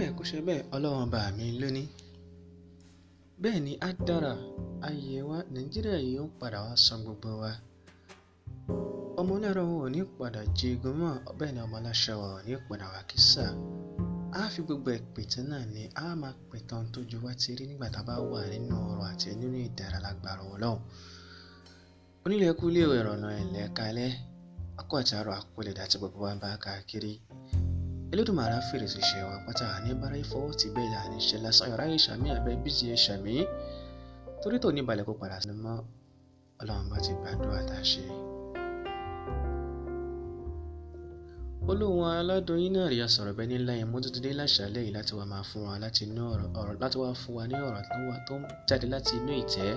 bẹ́ẹ̀ kó ṣe bẹ́ẹ̀ ọlọ́run bá mi lónìí bẹ́ẹ̀ ni á dára ayé wa nàìjíríà yìí ń padà san gbogbo wa ọmọ ọlọ́rọ̀ wọn ò ní padà jẹgun mọ́ bẹ́ẹ̀ ni ọmọ aláṣẹ fi gbogbo náà ni á máa pìtàn tójú wá ti rí nígbà tá a bá wà nínú ọrọ̀ àti nínú ìdára lágbára ọlọ́run onílẹ̀kùn ilé ìrọ̀nà ẹ̀lẹ́kalẹ́ akọ̀ àtàrọ̀ àkọlẹ̀dá Elédùmarè fèrèsé ṣe wa pátá ní bára ìfọwọ́ ti bẹ́ẹ̀ yà ní ṣẹlẹ̀ sọ̀rọ̀ ráyè ṣàmì àbẹ́ bíjì ẹ̀ ṣàmì torí tò ní balẹ̀ kó padà sí mọ́ ọlọ́run bá ti gbàdúrà tá a ṣe. olóhùn aládùn yín náà rí asọ̀rọ̀ bẹ́ẹ̀ nílá yẹn mọ́tò dé láṣàlẹ̀ yìí láti wá máa fún wa láti inú ọ̀rọ̀ láti wá fún wa ní ọ̀rọ̀ tó ń jáde láti inú ìtẹ́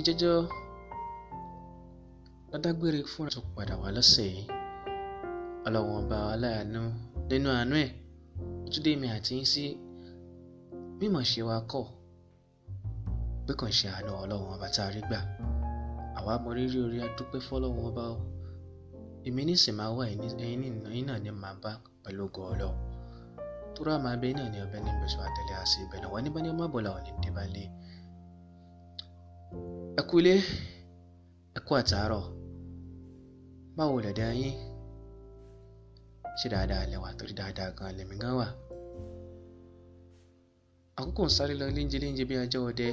ìjẹ́jọ́ ládágbére fúnra tó padà wá lọ́sẹ̀ yìí ọlọ́run ọba aláàánú nínú àánú ẹ̀ túndé mi àti yín sí bí mo ṣe wá kọ̀ pé kàn ṣe àánú ọlọ́run ọba tá rí gbà àwa mọ rírì orí adúpẹ́ fọlọ́run ọba o èmi nísìn máa wà ẹ̀yin náà ni màá bá pẹ̀lú ògo ọlọ́ tóra máa bẹ náà ni ọbẹ̀ ní ìbẹ̀sọ̀ àtẹ̀lé àṣẹ ìbẹ̀ náà wọ́n ní bá ní ọmọ àbọ̀là ò ní dé bá lé ẹ kú ilé ẹ kú àtàárọ̀ báwo lẹ̀dẹ̀ yín ṣé dáadáa lẹ wà torí dáadáa gan lèmi gan wà. àkókò ń sáré lọ léńjé léńjé bí ajá ọdẹ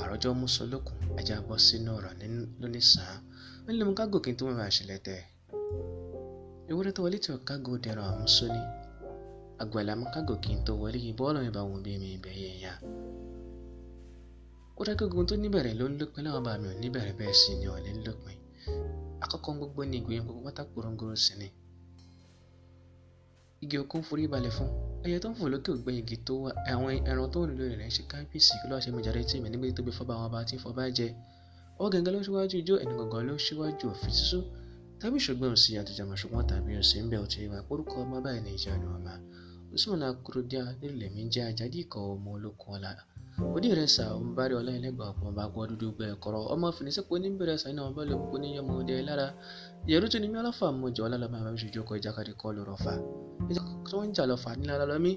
àròjọ́ mùsùlùkùn ajá bọ́ sínú ọ̀rọ̀ lónìsàn án nílùú kágò kí n tó máa ṣẹlẹ̀ tẹ̀. ewúrẹ́ tó wọlé tí kágò dẹ̀rọ̀ àwọn sóní àgbàlá mọ́ kágò kí n tó wọlé yìí bọ́ọ̀lù ìbáwọn bí mi ìbẹ̀ yẹn yá. kódà gbogbo tó níbẹ̀rẹ̀ ló ń lópin láwọn bá mi ò níbẹ̀rẹ̀ bẹ́ẹ̀ sì ni ọ̀lẹ́ ń àkọ́kọ́ gbogbo ni ìgbìyànjú gbogbo pátá korongoro sí ni igi okun forí balẹ̀ fún ẹyẹ tó ń fò lókè ògbẹ́ igi tó wà àwọn ẹran tó ń lo ìrìn ṣe kábíyèsí kí lọ́wọ́ ṣe mẹjọ rẹ tì mí nígbà tó gbé fọba àwọn ọba tí ń fọba jẹ ọwọ́ gẹ́gẹ́ ló ṣíwájú ijó ẹni gangan ló ṣíwájú òfin sísú tàbí ṣùgbọ́n òsì àtijọ́ mọ̀ ṣùgbọ́n tàbí òsì ń bẹ̀ òtí ìwà pórúkọ ọmọ báyìí ní ìjọ ni ọmọ usman akorodian nílẹ̀mí jẹ́ ajadi ikọ̀ ọmọ olókun ọ̀la onírẹsà ọmọbárí ọlá ẹlẹgbà ọmọ bá gbọ́ dúdú gbẹ kọrọ ọmọ fìnísẹ́pọ̀ oníbẹ̀rẹ̀sà iná ọmọ bẹ́ẹ̀ lọ́pọ̀ níyọmọ ọdẹ lára yẹ̀rú tó ní mí ọlọ́fà mọ̀jọ ọlọ́lọ́mọ àwọn oṣoojú ọkọ̀ ìjàkadì kọ́ lọ́rọ̀ fà ìjà tó ń jà lọ́fà nílára lọ́mí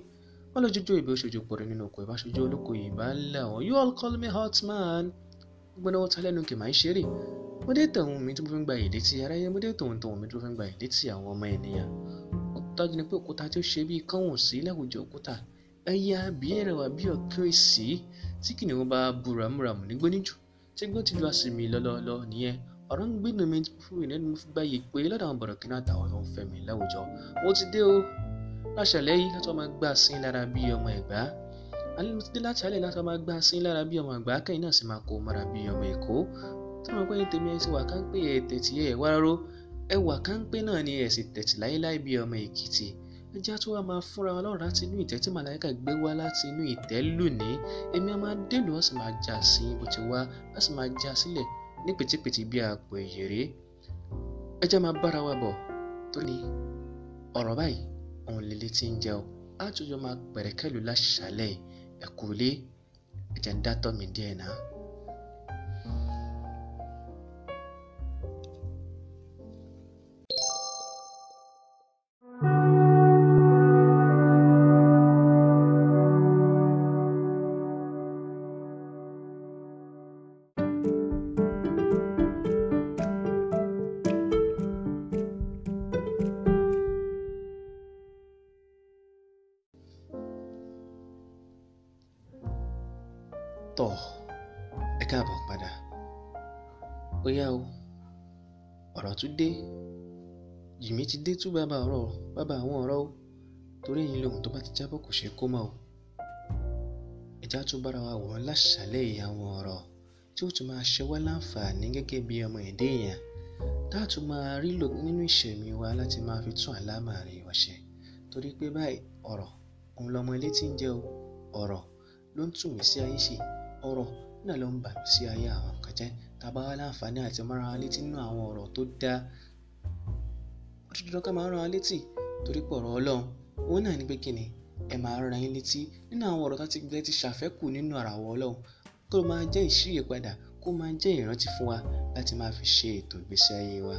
you all call me hot man gbọ́dọ̀ wọ́n ta lẹ́nu kì máa ń ṣeré mo dé tẹ̀hún mi tó fi ń gba ìlétí aráyé mo dé dájú ni pé òkúta tí ó ṣe bíi kánwọ̀n sí láwùjọ òkúta ẹ̀yà bí ẹ̀rẹ̀wà bí ọ̀kẹ́ èsì tí kìnìún bá bu ràmúràmù nígbó níjù tí gbó ti lu àsìmì lọ́lọ́lọ́ nìyẹn ọ̀rọ̀ ń gbénu mi fún ìnẹ́nu mi fún gbáyé pé lọ́dọ̀ àwọn bọ̀rọ̀ kìnìún àtàwọn tó ń fẹ́ mi láwùjọ mo ti dé o láṣàlẹ̀ yìí látọ́ máa gbá sin lára bí ọmọ ẹ̀gbá alẹ́ mo ti dé láṣàlẹ̀ látọ́ máa gbá sin lára bí ọmọ ẹ̀gbá kẹ́yìn náà sì máa kó mara bí ọmọ èkó tí wọ́n pẹ́ tèmi ẹ̀ sì wà ká ń pè ẹ̀ tètè ẹ̀ wáró ẹwà kánpé náà ni ẹ̀sìn tẹ̀tì láéláé bíi ọmọ èkìtì ẹjá tó wá máa fúnra wa lọ́rùn láti inú ìtẹ́ tí màláìka gbé wá láti inú ìtẹ́ lónìí èmi a máa dèlò a sì máa já sí bó ti wá a sì máa já sílẹ̀ ní pìtìpìtì bí àpò ìyèrè ẹjá máa bára wa bọ̀ tó ní ọ̀rọ̀ báyìí òun lélẹ́ tí ń jẹun á tún jọ máa pẹ̀rẹ̀kẹ́lù láṣàlẹ̀ ẹ̀kú ilé ẹ̀jẹ̀ ń dátọ́ mi díẹ̀ náà. yá o ọ̀rọ̀ tún dé Jìmí ti dé tú bàbá ọ̀rọ̀ bàbá àwọn ọ̀rọ̀ o torí ẹ̀yin lóhun tó bá ti jábọ̀ kò ṣeé kó mọ́ o ẹ̀já tún bára wa wọ̀ láṣàlẹ̀ ìyàwó ọ̀rọ̀ tí ó tún máa ṣe wá láǹfààní gẹ́gẹ́ bí ọmọ èdè èèyàn tá a tún máa rí lò nínú ìṣẹ̀mí wa láti máa fi tún àlámàrí wa ṣe torí pé báyìí ọ̀rọ̀ òun lọmọ ilé tí ń jẹ́ o ọ̀rọ̀ ló ń tù sí ayé ṣe ọ̀rọ̀ náà ló ń bà mí sí ayé àwọn kan jẹ́ tá a bá láǹfààní àti máa rán létí nínú àwọn ọ̀rọ̀ tó dáa ó ti dandan ká máa rán létí torí pé ọ̀rọ̀ ọlọ́run òun náà ní pé kí ni ẹ máa rán yín létí nínú àwọn ọ̀rọ̀ tá ti ṣàfẹ́kù nínú àràwọ̀ ọlọ́run kó máa jẹ́ ìṣírí padà kó máa jẹ́ ìrántí fún wa láti máa fi ṣe ètò ìgbésí ayé wa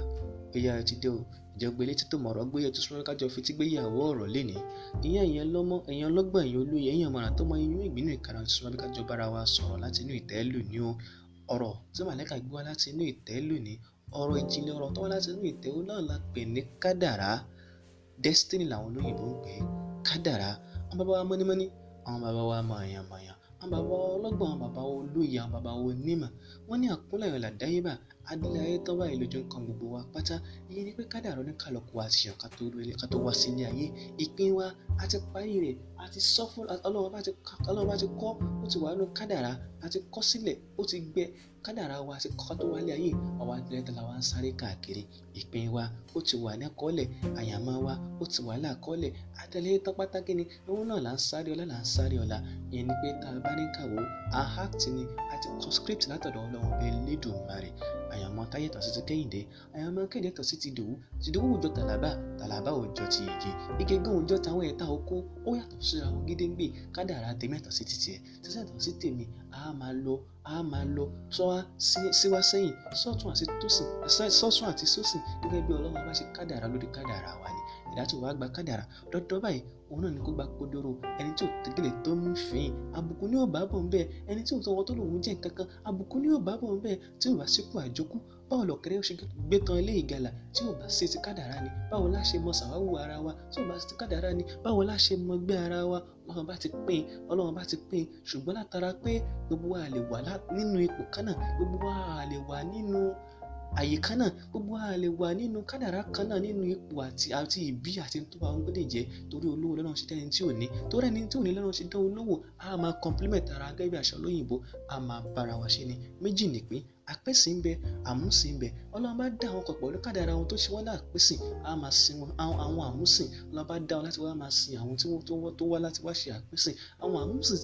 bóyá ẹ ti dé o ìjọgbe létí tó mọ̀rọ̀ gbóyè tó súnmọ́ kájọ fi tígbéyàwó ọ̀rọ̀ lénìí ìyá ìyẹn lọ́mọ ẹ̀yàn ọlọ́gbọ̀n ẹ̀yàn olóye ẹ̀yàn ọmọràn tó mọ inú ìgbínú ìkarahun tó súnmọ́ bí kájọ bára wa sọ̀rọ̀ láti inú ìtẹ́lù ní o ọ̀rọ̀ tí màlẹ́kà gbé wá láti inú ìtẹ́ lónìí ọ̀rọ̀ ìjìnlẹ̀ ọ̀rọ̀ tó wá láti inú ìtẹ́ ó náà la pè ní kádàrá destiny làwọn olóyìnbó ń pè é kádàrá àwọn bàbá wa mọ́nímọ́ní àwọn bàbá wa mọ̀ọ́yàn mọ̀ọ́yàn àwọn bàbá wa ọlọ́gbọ́n àwọn bàbá wa olóye àwọn bàbá wa onímọ̀ wọ́n ní àkúnlẹ̀ ọ̀làdáyébà adílé ayé tán báyìí lójú nǹkan gbogbo wa pátá iye ni pé kádàrá oníkàlọ́kù wa ti yàn ká tó wá sí ilé ayé ìpín wa a ti parí rẹ̀ a ti sọ fún ọlọ́run bá ti kọ́ ó ti wà nínú kádàrá a ti kọ́ sílẹ̀ ó ti gbẹ kádàrá wa ti kọ́ tó wálé ayé àwa dẹ́rẹ́tà la wá ń sáré káàkiri ìpín wa ó ti wà ní àkọọ́lẹ̀ àyàmọ́ wa ó ti wà ní àkọọ́lẹ̀ adílé ayé ni òun náà là ń sáré ọlá là ń sáré ọlá ìyẹn ni pé tá a bá ní kàwó àyànmọ́ táyé tàṣí ti kẹ́hìndé àyànmọ́ kẹ́hìndé tàṣí ti dòwú ti dòwú òòjọ́ tàlàbà tàlàbà òòjọ́ ti igi igi gan òòjọ́ táwọn ẹ̀ta oko ó yàtọ̀ síra wọn gédéǹgbè kádàrá tèmi àtàṣí ti tiẹ̀ títí àtàṣí tèmi a máa lọ a máa lọ sọ́wá síwá sẹ́yìn sọ́tún àti sósìn gẹ́gẹ́ bí ọlọ́run bá ṣe kádàrá lórí kádàrá wa ni ẹ̀dá tí ò wá gba kádàrà dọ́dọ́ báyìí òun náà ni kó gba kodoro ẹni tí ò tẹ́gẹ̀lẹ̀ tó ń fìn àbùkù ní ọ̀bá bọ̀ ń bẹ́ẹ̀ ẹni tí ò tọwọ́ tó lòun jẹ́ nǹkankan àbùkù ní ọ̀bá bọ̀ ń bẹ́ẹ̀ tí ò bá sípò àjókù báwo lọ̀kẹ́rẹ́ ṣe gbé tán ilé ìgalà tí ò bá sí ti kádàrá ni báwo la mọ sàwáwò ara wa tí ò bá sí ti kádàrá ni báwo la mọ gbé ara wa ọlọ́run bá ti pín ọlọ́run bá ti pín ṣùgbọ́n látara pé gbogbo wa lè wà nínú ipò kan gbogbo wa lè wà nínú àyíká náà gbogbo àlè wà nínú kádàrá kan náà nínú ipò àti àti ìbí àti tó bá gbọ́dọ̀ jẹ́ torí olówó lọ́nà ṣe dẹ́ni tí ò ní torí ẹni tí ò ní lọ́nà ṣe dán olówó a máa compliment ara gẹ́gẹ́ bí àṣà olóyìnbó a máa bára wa ṣe ni méjì nìpín àpèsè ń bẹ àmúsìn ń bẹ ọlọ́run bá dá àwọn kan pẹ̀lú kádàrá àwọn tó ṣe wọ́n láàpèsìn á máa sin wọn àwọn àmúsìn ọlọ́run bá dá wọn láti wá máa sin àwọn tí wọ́n tó wá láti wá ṣe àpèsìn àwọn àmúsìn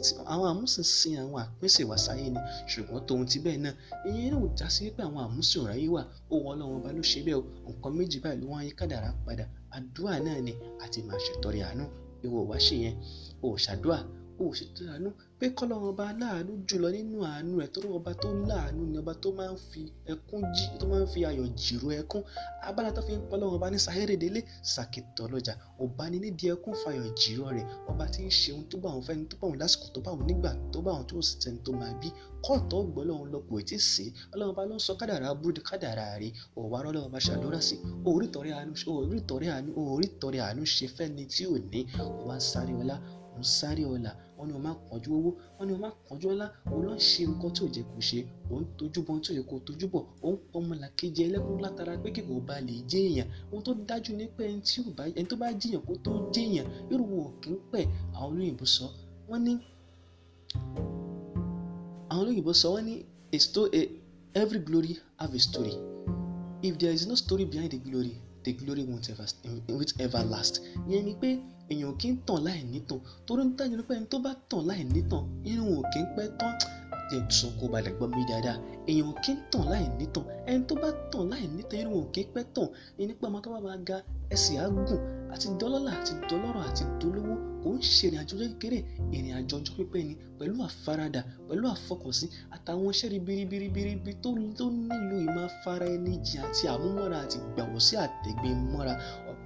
sin àwọn àpèsìn wá sáyé ni ṣùgbọ́n tòun ti bẹ́ẹ̀ náà ìyẹn náà ò já sí pé àwọn àmúsìn ò ráyé wà ó wọn ọlọ́run ọba ló ṣe bẹ́ẹ̀ o nǹkan méjì báyìí ni àti máa ṣètọrẹ àánú ìwọ wá ṣe yẹn ò ṣàdúrà o ò ṣètò àánú pé kọ́lọ́run ọba aláàánú jùlọ nínú àánú ẹ̀ torí ọba tó láàánú ni ọba tó máa ń fi ẹkún jí tó máa ń fi ayọ̀ jìrò ẹkún abala tó fi ń pọ́ lọ́wọ́ ọba ní sahéré délé sàkìtọ̀ lọ́jà ọba ni nídìí ẹkún fayọ̀ jìrò rẹ̀ ọba tí ń ṣe ohun tó bá òun fẹ́ni tó bá òun lásìkò tó bá òun nígbà tó bá òun tó sì tẹni tó máa bí kọ́ọ̀tọ̀ gbọ́ lọ́wọ́ lọ kò tí ọlọ́run bá ló ń sọ kádàrá burúdi kádàrá rẹ̀ ọ̀wá ọlọ́run bá ṣàdúrà sí òórì tọrẹ àánú ṣe fẹ́ni tí ò ní ọwá sáré ọlá ń sáré ọ̀la wọ́n ní o máa kánjú owó wọ́n ní o máa kánjú ọlá o lọ ṣe nǹkan tí ò jẹ́ kó ṣe o ń tójú bọ́ tí ò yẹ kó tójú bọ̀ o ń pọmọlàkejì ẹlẹ́kùn látara pé kí kò bá lè jẹ́ èèyàn ohun tó dájú ni pé ẹni tó bá jẹ́yàn kó tó jẹ́yàn irú wo kì í pẹ́ àwọn olóyìnbó sọ wọ́n ní àwọn olóyìnbó sọ wọ́n ní a story every glory have a story if there is no story behind the glory the glory won't ever, won't ever last yẹn ni pé èèyàn kì í tàn láì nítàn torí ń tẹ́jú pé ẹni tó bá tàn láì nítàn irun ò kí ń pẹ́ tán jẹ̀sùn kó balẹ̀ gbọ́ mi dáadáa èèyàn kì í tàn láì nítàn ẹni tó bá tàn láì nítàn irun ò kí ń pẹ́ tàn nípa ọmọ tó bá máa ga ẹsẹ̀ á gùn àti dọ́lọ́lá àti dọ́lọ́rọ̀ àti dolówó kò ń ṣe ìrìn kékeré ìrìn ọjọ́ pípẹ́ ni pẹ̀lú àfaradà pẹ̀lú àfọkànsí àtàwọn iṣẹ́ ribiribiribi tó nílò ìmáfara ẹni jìn àti àmúmọ́ra àti gbàwọ́sí àtẹ̀gbẹ́mọ́ra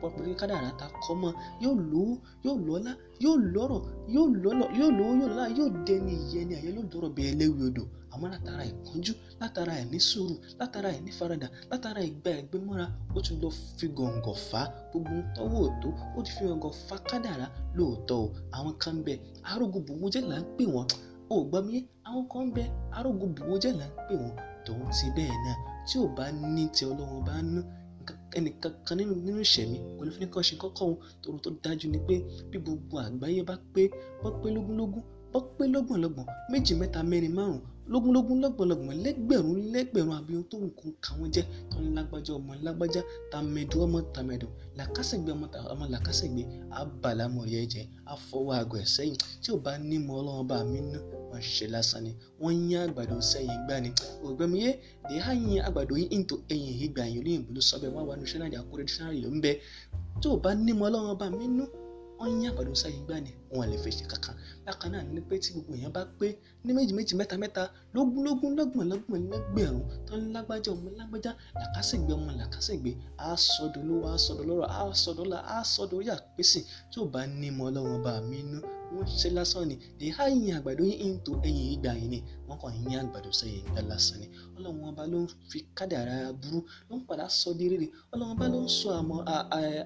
pọ̀ pẹ̀lú kádàrá ta kọ́ mọ́ yóò lówó yóò lọ́lá yóò lọ́rọ̀ yóò lọ́lọ̀ yóò lówó yóò lọ́lá yóò dẹni ìyẹni àyẹ yóò dọ̀rọ̀ bẹ́ẹ̀ lẹ́wì odò àmọ́ látara ìkánjú látara ẹ̀ní sùúrù látara ẹ̀ní faradà látara ìgbà ẹ̀gbẹ́ mọ́ra ó tún lọ fi gọ̀ǹgọ̀ fà á gbogbo tọ́wọ́ òtó ó ti fi gọ̀ǹgọ̀ fà kádàrá lóòótọ́ o àwọn kan ń bẹ arógun bùwó jẹ́ là ń pè wọ́n ò gbọ́ mi àwọn kan ń bẹ arógun bùwó jẹ́ là ń pè wọ́n tòun ti bẹ́ẹ̀ náà tí ò bá ní ti ọlọ́run bá ná ẹnìkan nínú ìṣẹ̀mí kò lè fi ní ṣe kọ́kọ́ òun tòun tó dájú ni pé bí gbogbo àgbáyé bá pé wọ́n pé lógúnlógún wọ́n pé lọ́gbọ̀nlọ́gbọ̀n méjì mẹ́ta mẹ́rin márùn lógúnlógún lọ́gbọ̀nlọ́gbọ̀n lẹ́gbẹ̀rún lẹ́gbẹ̀rún àbí tó nǹkan kà wọ́n jẹ́ tó ń lágbájá ọmọ lágbájá tàmẹ̀dù ọmọ tàmẹ̀dù làkàṣègbè ọmọ làkàṣègbè abàlámọ̀ yẹ jẹ́ àfọwọ́ àgọ̀ ẹ̀ tí ò bá ní mọ ọlọ́run bá mi ná wọ́n ṣiṣẹ́ lásán ni wọ́n yín àgbàdo sẹ́yìn gbá ni ògbẹ́mi yé dè á yin àgbàdo yín into ẹ̀yìn ìgbà yín ní ìbúlú sọ́bẹ̀ wọ́n wà ní ṣẹ́ nàìjà kúrẹ́ dísẹ́nárì ló ń bẹ tó o bá nímọ̀ ọlọ́run ọba mi nú wọ́n yín àgbàdo sẹ́yìn gbá ni wọ́n lè fèsì kankan bákan náà ni pé tí gbogbo èèyàn bá pé ní méjì méjì mẹ́ta mẹ́ta lógún lógún lọ́gbọ̀n lọ́gbọ̀n lẹ́gbẹ̀rún tó ń lágbájá ọmọ lágbájá làkàṣègbè ọmọ làkàṣègbè àsọdọ̀ lówó àsọdọ̀ lọ́rọ̀ àsọdọ̀ là àsọdọ̀ bá nímọ̀ ọlọ́run ọba mi nú wọ́n ṣe lásán ni the high yin àgbàdo yín into ẹ̀yìn ìgbà yìí ni wọ́n kàn yín àgbàdo sẹ́yìn ìgbà lásán ni ọlọ́run ọba ló ń fi kádàrá aburú ló ń padà sọ di rere ọlọ́run ọba ló ń sọ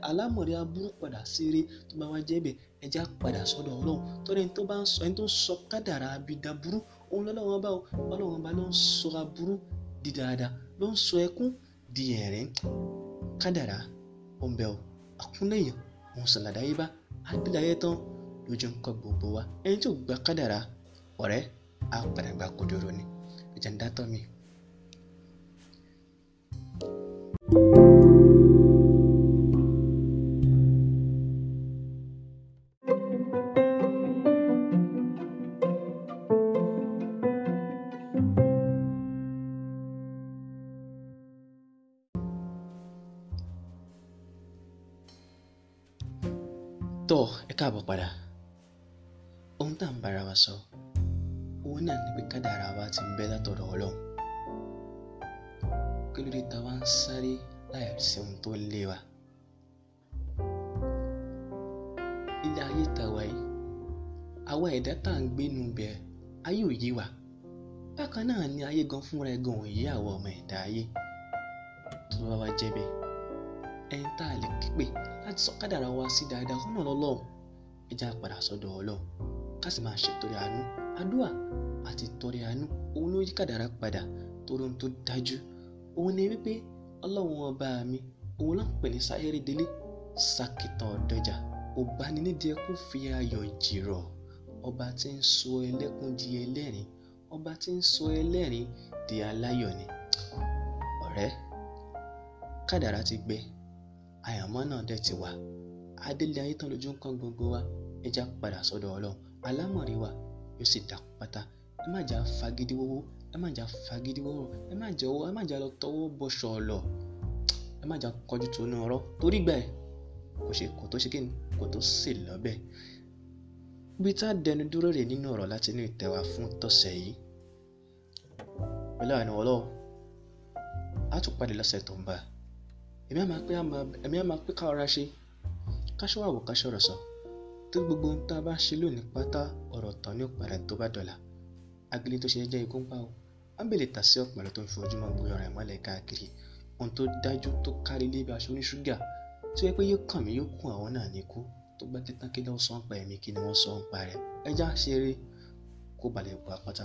àlámọ̀rí aburú padà sí rere tó bá wá jẹ́ bẹ́ẹ̀ ẹja padà sọ́dọ̀ ọlọ́run torí ẹni tó bá ń sọ ẹni tó ń sọ kádàrá abidaburú òun lọ́lọ́run ọba ọlọ́run ọba ló ń sọ aburú di dáadáa ló ń sọ ẹkún di ẹ̀rín kádàrá ọ̀nbẹ̀ àkúnlẹ̀yìn òun sàlàdáyé bá àbílẹ̀ ujung ujunko bubuwa ke eh, darah ore akpere gbakuduruni jandatomi Tuh, eka eh, apa pada? ohun tá à ń bára wa sọ òun náà ni pé kádàrá wa ti ń bẹ látọ̀dọ̀ ọlọ́run kí ló dé ta wá ń sáré láì sí ohun tó lé wa ilé ayé ta wa yìí àwa ẹ̀dá tá à ń gbénu bẹ̀ ayé ò yé wa bákan náà ni ayé gan fúnra ẹ gan ò yé àwa ọmọ ẹ̀dá ayé tó bá wa jẹ́ bẹ́ẹ̀ ẹni tá a lè pè láti sọ kádàrá wa sí dáadáa kọ́nà lọ́lọ́run ẹ padà sọ́dọ̀ ọlọ́run ká sì máa ṣètọrẹ àánú àdúà àti tọrẹ àánú òun ló yí kádàrá padà torí ohun tó dájú òun ni wípé ọlọ́run ọba mi òun là ń pè ní sáyẹ́rì délé sàkìtàn ọ̀dọ́jà ọba ni nídìí ẹkún fi ayọ̀ jìrọ̀ ọba tí ń sọ ẹlẹ́kún di ẹlẹ́rìn ọba tí ń sọ ẹlẹ́rìn di aláyọ̀ ni ọ̀rẹ́ kádàrá ti gbẹ àyàmọ́ náà dẹ̀ ti wà adélé ayé tán lójú ń kan gbogbo wa ẹja padà sọ́dọ̀ ọlọ́run àlámọ̀rí wa yóò sì dà pátá ẹ má jà fagídí wọ́wọ́ ẹ má jà fagídí wọ́wọ́ ẹ má jà ẹ má jà lọ tọwọ́ bọ ṣọ̀ọ̀lọ̀ ẹ má jà kọjú tó nu ọ̀rọ̀ torí gbà ẹ kò ṣe kò tó ṣe kíni kò tó sè lọ́bẹ̀ ibi tá a dẹnu dúró rè nínú ọ̀rọ̀ láti inú ìtẹ̀wá fún tọ̀sẹ̀ yìí pẹ̀lú ọlọ́ a tún padà lọ́sẹ̀ tó ń bá ẹ̀mí àmà pé ká ọ̀rá ṣe ká àwò ká ṣọ̀rọ̀ sọ torí gbogbo ohun tá a bá ṣe lónìí pátá ọ̀rọ̀ tán ní òpàdà tó bá dọ̀la agilé tó ṣe jẹ́ ikú ń pa o ábẹ̀lẹ̀ tà sí ọ̀pọ̀lọ́ tó ń fojúmọ́ gbóyọ̀ rẹ̀ mọ́lẹ̀ káàkiri ohun tó dájú tó kárí lé bí aṣọ oníṣúgà tí wọ́n pé yóò kàn mí yóò kún àwọn náà ní kú tó bá tẹ́tán kí lọ́wọ́ sọ ẹ̀mí kí ni wọ́n sọ rẹ̀ ẹja ṣeré kó balẹ̀ bu apáta